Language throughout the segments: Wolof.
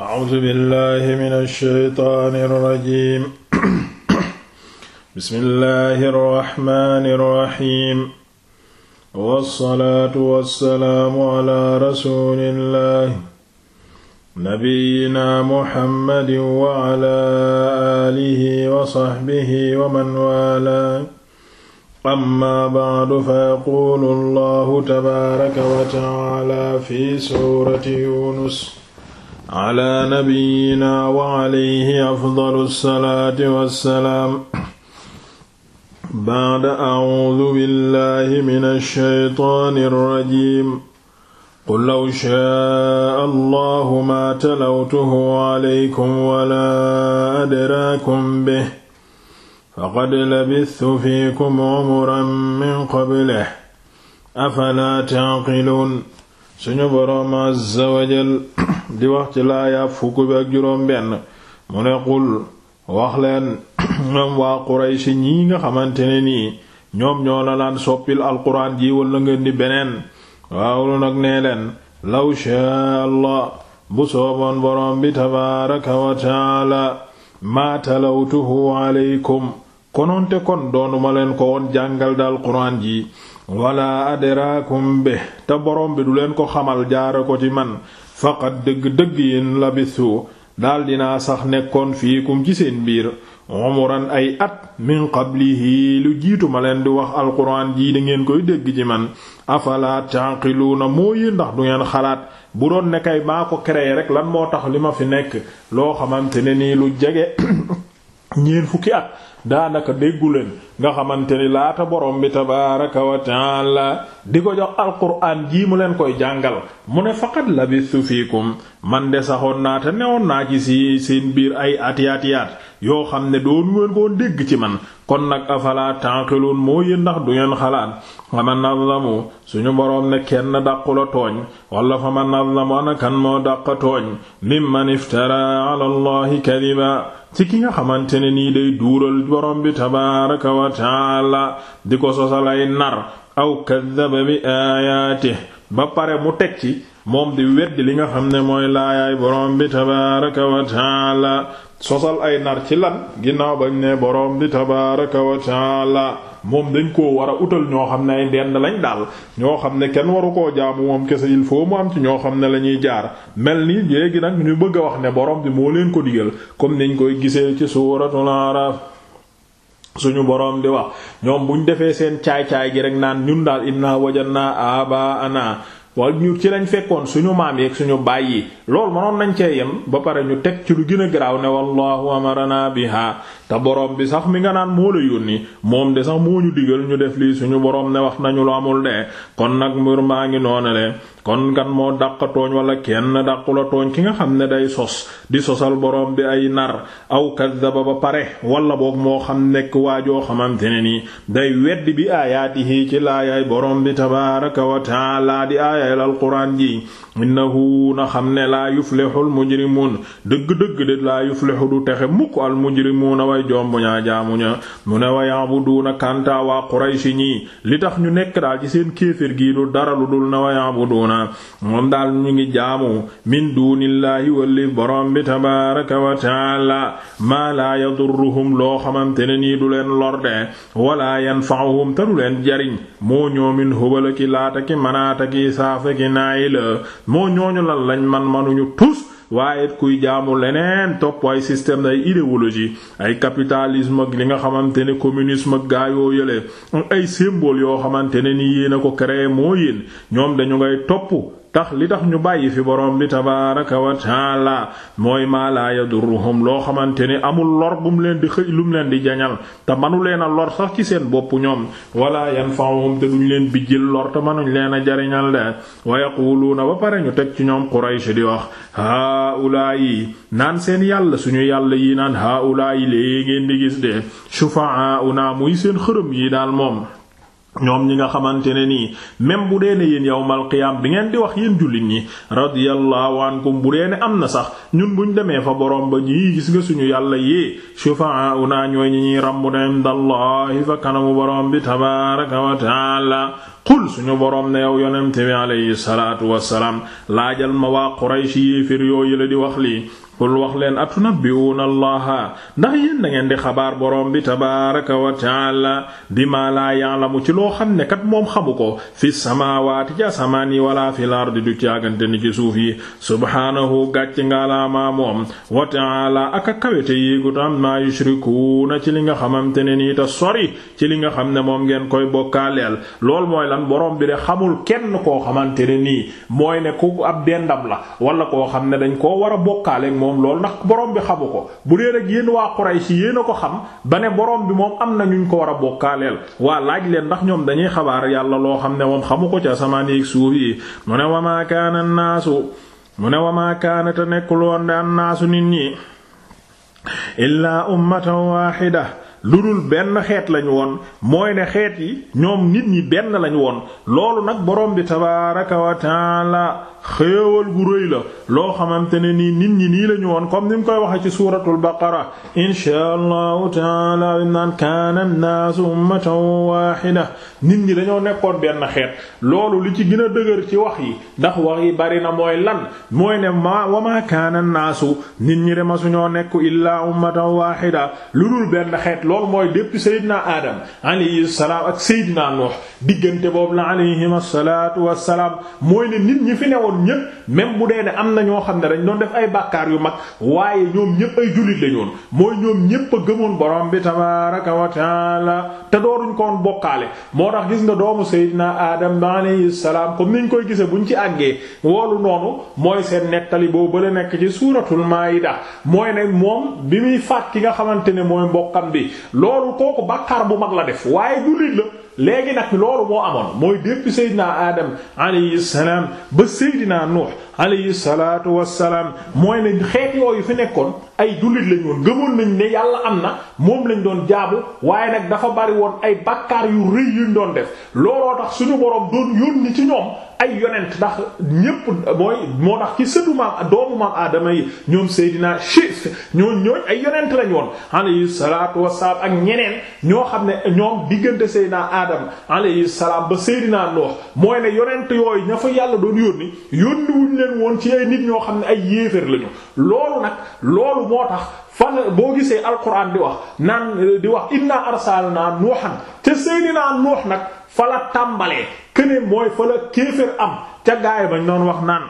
A'uuzu billaahi mina shaytaani rajiim. Bismillaahi rahmaani rahiim. Wassalaatu wassalaamu alaa rasuulillaahi. Nabiyyinaa Muhammadin wa alaa aalihi wa sahbihi wa man waalaahu. Ammaa ba'du fayaquulu Allaahu tabaaraka wa ta'aalaa fi suurati Yuunus. ala nabiyyina wa alayhi afdalu salaati wassalaam ba'da a'uudu billahi mina shaytaani rajiim qul law shaa'a allahu ma talawtuhu alaykum wala adraakum bihi faqad labithtu fiikum umran min qablihi afalaa ta'qiluun suñu boroom azza wa jal di wax ci laaya fukk bi ak juróom benn mu ne qul wax ñoom waa Quraysh ñii nga xamante ne nii ñoom ñoo la soppil alquran ji walla ngeen di beneen waaw nag nee leen law shaa Allah bu sooboon boroom bi tabaaraka wa taala maa talawtuhu aleykum konoonte kon doonuma leen ko woon jàngal daal quraan ji wala adraakum be te boroom bi du leen ko xamal jaara ko ci man faqad dëgg-dëgg yéen labisu daal naa sax nekkoon fii fiikum ci seen biir umuran ay at min yi lu jiitu ma leen di wax alquran jii da ngeen koy dégg ci man afala taqiluna moo yi ndax du ngeen xalaat bu doon ne kay ko créé rek lan moo tax li ma fi nekk loo xamante ne nii lu jege ñeen fukki at daanaka déggu nga xamante ni laata borom bi tabaaraka wa taala di ko jox alquran jii mu leen koy jàngal mu ne faqat labistu fiikum man de saxoon naa te newoon naa ci si seen biir ay ati ati yoo xam ne doon ngeen koo dégg ci man kon nag afala tànqiluun moo yéen ndax du ngeen xalaat faman azlamu suñu borom ne kenn dàqula tooñ wala faman azlamu ana kan moo dàq tooñ mimman iftara ala allahi kadiba ci ki nga xamante ne nii day duural borom bi tabaaraka wa taala di ko sosalay nar aw kaddaba bi aayaati ba pare mu teg ci moom di weddi li nga xam ne mooy laayaay borom bi tabaaraka wa taala sosal ay nar ci lan ginnaaw bañ ne borom bi tabaaraka wa taala moom dañ koo war a utal ñoo xam ne ay ndend lañ daal ñoo xam ne kenn waru koo jaamu moom kese il foo mu am ci ñoo xam ne lañuy jaar mel nii léegi nag ñu bëgg a wax ne borom bi moo leen ko digal comme niñ koy gisee ci suuratul Araf suñu boroom di wax ñoom buñ defee seen caay-caay gi rek naan ñun daal inna wajanna aba ana wala ñu ci lañ fekkoon suñu maam yeeg suñu baay yi loolu mënoon nañu cee yem ba pare ñu teg ci lu gën a garaaw ne wallahu amarana biha te borom bi sax mi nga naan moo la yónni moom de sax moo ñu digal ñu def lii suñu boroom ne wax nañu lu amul de kon nag mbir maa ngi noonale kon ngan moo dàq tooñ wala kenn dàqula tooñ ki nga xam ne day sos di sosal borom bi ay nar aw kaddaba ba pare walla boog moo xam nekk waajoo xamante ne nii day weddi bi aayaatihi ci laayaay borom bi tabaaraka wa taala di aayaayal alquraan ji innahu na xam ne laa yuflihul mujrimuun dëgg-dëgg de laa yuflihu du texe mukk al mujrimuuna way jomb ñaa jaamu ña mu ne wa ya'buduuna kanta waa qurayshi ñii li tax ñu nekk daal ci seen kéefër gii du dara lu na ya'buduna moom daal ñu ngi jaamu min dunillahi walli borom bi tabaraka wa taala maa laa yadurruhum loo xamante ne nii du leen lorde wala yanfa'uhum te du leen jariñ moo ñoomin hubala ki laata ki manaata ki saafa ki naayila moo ñooñu lan lañ man manuñu tus waaye kuy jaamu leneen topp ay système ay idéologie ay capitalisme ak li nga xamante ne communisme ak gaa yoo yële ay symbole yoo xamante ne ni yéen a ko créé moo yéen ñoom dañu ngay topp tax li tax ñu bàyyi fi borom bi tabaaraka wa taala mooy maa laa yadurruhum loo xamante ni amul lor bu leen di xëy lu leen di jañal te manu leen a lor sax ci seen bopp ñoom wala yanfa'uhum te duñ leen bijjil lor te manuñ leen a jariñal de wa na ba pare ñu teg ci ñoom Quraysh di wax haa'ulaa yi naan seen yàlla suñu yàlla yi naan haa'ulaa yi lee ngeen di gis de naa muy seen xërëm yi daal moom ñoom ñi nga xamante ne nii même bu dee ne yéen yawmal qiyaam bi ngeen di wax yéen jullit ñi radiyallahu ankum bu dee ne am na sax ñun buñ demee fa borom ba ñii gis nga suñu yàlla yi naa ñooy ñi ñuy ràmbu na indallahi fa kanamu borom bi tabaaraka wa ta'aala qul suñu borom ne yow yonent bi alayhi salaatu salaam laajal ma waa Quraysh yéefir yooyu la di wax lii qul wax leen atunabbi'una allaha ndax yéen da ngeen di xabaar borom bi tabaaraka wa ta'ala bima la ya'lamu ci loo xam ne kat moom xamu ko fi samaawaati ci asamaan yi wala fil ardi du caagante ni ci suuf yi subhaanahu gàcc ngaalaamaa moom wa ta'ala ak a kawete yéegut amma yushrikuuna ci li nga xamante ne nii te sori ci li nga xam ne moom ngeen koy bokkaaleel lool mooy lan boroom bi de xamul kenn koo xamante ne nii mooy ne ku ab dendam la moom loolu ndax borom bi xamu ko bu dee rek yéen waa Quraysh yéen a ko xam ba ne borom bi moom am na ñu ko war a bokkaaleel waa laaj leen ndax ñoom dañuy xabaar yàlla loo xam ne moom xamu ko ci asamaan yi suuf yi mu ne wa kaana naasu mu ne wa maa kaana te nekkul woon de nit ñi illaa ummatan waaxida lu dul benn xeet lañu woon mooy ne xeet yi ñoom nit ñi benn lañu woon loolu nag borom bi tabaaraka wa xéewal gu rëy la loo xamante ne nii nit ñi nii la ñu woon comme ni mu koy waxee ci suuratul baqara inshaa allahu taala naan kaana nnaasu ummatan waahida nit ñi dañoo nekkoon benn xeet loolu li ci gën a dëgër ci wax yi ndax wax yi bari na mooy lan mooy ne ma wa maa naasu nnaasu nit ñi dema nekku nekk illaa ummatan waahida lu dul benn xeet lool mooy depuis Seydina Adam alayhi salaam ak Seydina Nuux diggante boobu la alayhim assalaatu wassalaam mooy ne nit ñi fi newoon newoon ñépp même bu dee ne am na ñoo xam ne dañ doon def ay bàkkaar yu mag waaye ñoom ñépp ay jullit lañu woon mooy ñoom ñépp a gëmoon borom bi tabaaraka wa taala te dooruñ ko bokkaale moo tax gis nga doomu Seydina Adam alayhi salaam comme niñ koy gisee buñ ci àggee woolu noonu mooy seen nettali boo bële nekk ci suuratul Maayida mooy ne moom bi muy faat ki nga xamante ne mooy mbokkam bi loolu kooku bàkkaar bu mag la def waaye jullit la léegi nag loolu moo amoon mooy depuis Seydina Adam alayhi salaam ba Seydina Nuux alayhi salaatu wassalaam mooy ne xeet yooyu fi nekkoon ay jullit lañ woon gëmoon nañ ne yàlla am na moom lañ doon jaabu waaye nag dafa bari woon ay bakkaar yu rëy yuñ doon def looloo tax suñu boroom doon yónni ci ñoom ay yonent ndax ñépp mooy moo tax ci sëtu maam doomu maam aadama yi ñoom Seydina Chif ñooñ ñooñ ay yonent lañ woon alayhi salaatu wassalaam ak ñeneen ñoo xam ne ñoom diggante Seydina Adam alayhi salaam ba Seydina Nuux mooy ne yonent yooyu ña fa yàlla doon yónni yónni wuñ leen woon ci ay nit ñoo xam ne ay yéeféer lañu loolu nag loolu moo tax fan boo gisee alquran di wax naan euh, di wax inna arsalna nuuhan te seydinaa nuux nag fa la tàmbalee këne mooy fa la kéefër am ca gaay bañ doon wax naan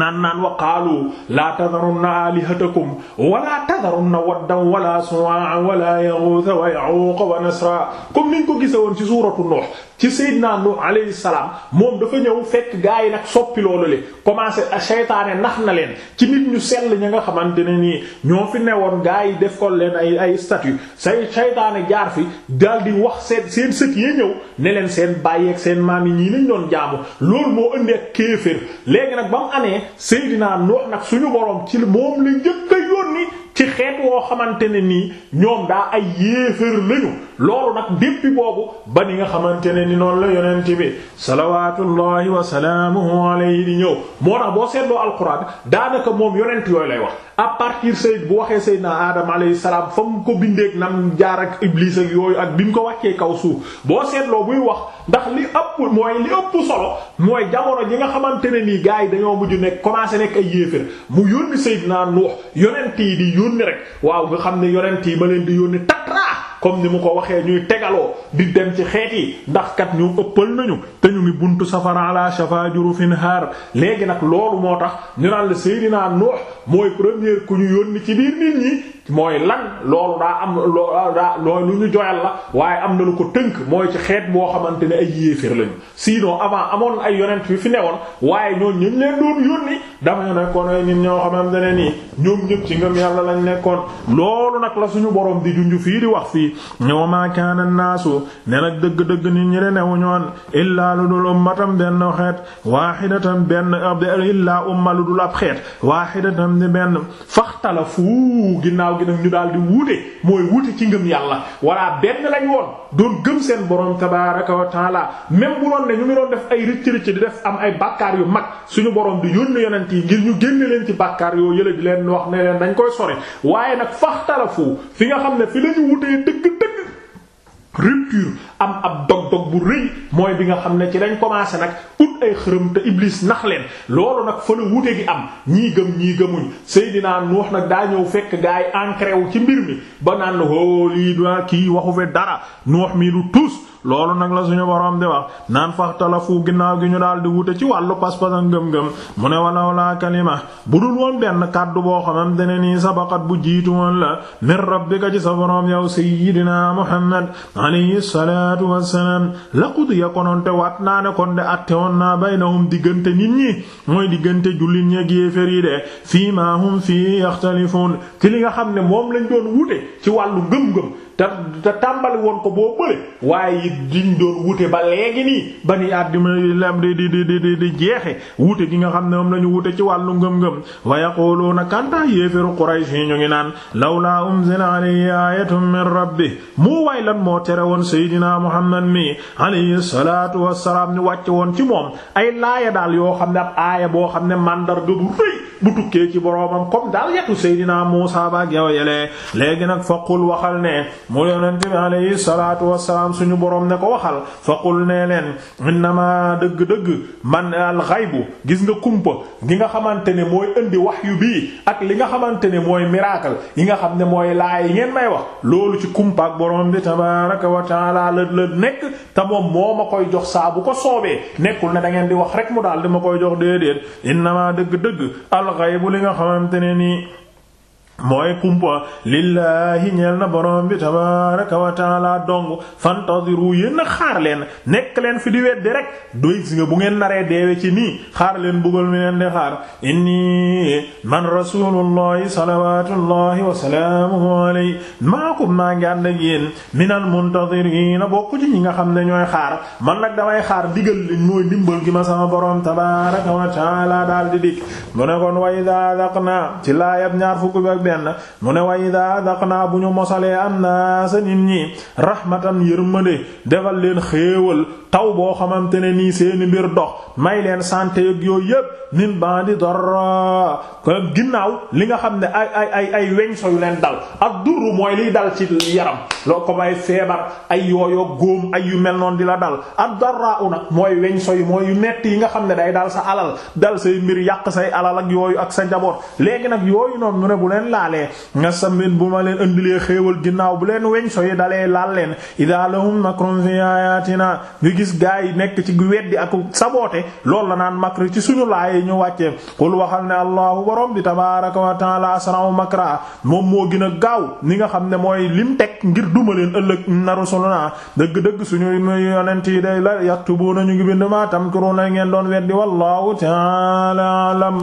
naan naan wa qaalu laa tadarunna alihatakum wala tadarunna waddan wala suwaa wala yaxuusa wa yaxuuqa wa nasra comme niñ ko gise woon ci suuratu nuux ci Seydina Nuh alayhi salaam moom dafa ñëw fekk gaa yi nag soppi loolu le commencé a seytaane nax na leen ci nit ñu sell ña nga xamante ne nii ñoo fi ne woon gaa yi def ko leen ay ay statue say seytaane jaar fi daal di wax seen seen sët yee ñëw ne leen seen bàyyeek seen maam yi ñii lañ doon jaamu loolu moo indi ak kéefër léegi nag ba mu amee Seydina Nuh nag suñu borom ci moom la njëkk a yónni ci xeet woo xamante ne nii ñoom daa ay yéeféer lañu loolu nag déppi boobu ba ni nga xamante ne ni noonu la yonent bi salawaatullahi wa salaamuhu alayhi di ñëw moo tax boo seetloo alxuraan daanaka moom yonent yooyu lay wax à partir Seyd bu waxee Seydina Adam alayhi salaam fa mu ko bindeek nam jaar ak Iblis ak yooyu ak bi mu ko wàccee kaw suuf boo seetloo buy wax ndax li ëpp mooy li ëpp solo mooy jamono ji nga xamante ne nii gars yi dañoo mujj nekk commencé nekk ay yéefér mu yónni Seydina Nuux yonent yi di yónni rek waaw nga xam ne yonent yi ma leen di yónni tatra comme ni mu ko waxee ñuy tegaloo di dem ci xeet yi ndax kat ñu ëppal nañu te ñu ngi buntu safara ala shafa jurufin haar léegi nag loolu moo tax ñu naan la Seydina Nuux mooy premier ku ñu yónni ci biir nit ñi mooy lan loolu daa am loo daa loolu lu ñu joyal la waaye am na lu ko tënk mooy ci xeet boo xamante ne ay yéeféer lañu sinon avant amoon ay yonent fi fi newoon waaye ñoo ñun leen doon yónni dafa nekkoon ay ñoom ñëpp ci ngëm yàlla lañ nekkoon loolu nag la suñu boroom di junju fii di wax fii ñoo ma kaana naasu ne nag dëgg-dëgg nit ñi de newu ñoon illaa lu dul ummatam benn xeet waahidatan benn ab illaa umma lu dul ab xeet waahidatan di benn faxtalafu ginnaaw ginnaaw gi nag ñu daal di wuute mooy wuute ci ngëm yàlla walla benn lañ woon doon gëm seen borom tabaaraka wa taala même bu doon ne ñu ngi doon def ay rëcc rëcc di def am ay bàkkaar yu mag suñu borom di yónni yonent yi ngir ñu génne leen ci bàkkaar yoo yële di leen wax ne leen dañ koy sori waaye nag faxtalafu fi nga xam ne fi lañu wutee dëgg dëgg rupture am ab dog dog bu rëy mooy bi nga xam ne ci dañ commencé nag ut ay xërëm te iblis nax leen loolu nag fa la wute gi am ñii gëm ñii gëmuñ Seydina Nuux nag daa ñëw fekk gaa yi wu ci mbir mi ba naan hoo oh, lii daa kii waxu fi dara Nuux mi du tus loolu nag la suñu borom di wax naan faxtalafu ginnaaw gi ñu daal di wute ci wàllu pas-pas ak ngëm-ngëm mu ne walaw laa kalima bu dul woon benn kàddu boo xamante ne nii sabaqat bu jiitu woon la min rabbika ci sa borom naan laqudiya kononte waat naa ne kon de atte woon naa baynahum diggante nit ñi mooy diggante jullit ñi ak yi de fii ma fii yaxtalifuun ci li nga xam ne moom lañ doon wute ci wàllu gëm-gëm te te tàmbali woon ko boo bële waaye it diñ doon wute ba léegi nii ba ni àddina di di di di di jeexe wute ki nga xam ne moom lañu wute ci wàllu ngëm-ngëm wa yaquluuna kantaa yéeféru Quraysh yi ñu ngi naan lawlaa unzila alayhi aayatun min rabbih moo waay lan mi alayhi salaatu wassalaam ñu wàcc woon ci moom ay laaya daal yoo xam ne ab aaya boo xam ne màndarga bu rëy bu tukkee ci boroomam comme daal yetu Seydina Muusaa ba yow yelee léegi nag faqul waxal ne mu yonent bi alayhi salaatu wassalaam suñu boroom ne ko waxal faqul nee leen innama dëgg-dëgg man alxaybu gis nga kumpa gi nga xamante ne mooy indi ak li nga xamante ne mooy miracle yi nga xam ne mooy laay yi ngeen wax loolu ci kumpa ak boroom bi wa la la nekk moom moo ma koy jox saa bu ko soobee nekkul ne da ngeen di wax rek mu daal di koy jox déedéet dëgg-dëgg alxaybu li nga xamante mooy kumpa lillahi ñeel na borom bi tabaraka wa taala dong fantadiru yéen xaar leen nekk leen fi di weddi rek du si nga bu ngeen naree deewe ci nii xaar leen bugal mi leen di xaar inni man rasulullahi salawatullahi wasalaamuhu alayhi maakum maa ngi ànd ak yéen minal muntazirina bokku ci ñi nga xam ne ñooy xaar man nag damay xaar digal li mooy ndimbal gi ma sama borom tabaraka wa taala daal di dik mu kon way da daq na ci ñaar fukk benn mu ne wa idaa naa bu ñu mosalee an naa sa nit ñi rahmatan yërmande defal leen xéewal taw boo xamante ne nii seeni mbir dox may leen santé yëg yooyu yëpp min bandi dara ko ginnaaw li nga xam ne ay ay ay ay weñ so yu leen dal ak durru mooy liy dal ci yaram loo ko may feebar ay yooyo góom ay yu mel noonu di la dal ak dara mooy weñ so yu mooy yu metti yi nga xam ne day dal sa alal dal say mbir yàq say alal ak yooyu ak sa njaboot léegi nag yooyu noonu mu ne bu leen laalee nga sàmmin bu ma leen indilee xéewal ginnaaw bu leen weñ so yi dalee laal leen idaa lahum makrun fi ayatina nga gis gaa yi nekk ci weddi ak saboote loolu la naan makr ci suñu laayee ñu wàccee qul waxal ne allahu borom bi tabaaraka wa taala asra'u moom moo gën a gaaw ni nga xam ne mooy lim teg ngir duma leen ëllëg na rusuluna dëgg-dëgg suñu yonent yi day la yaktubuuna ñu ngi bind ma tamkuruna ngeen doon weddi wallahu taala alam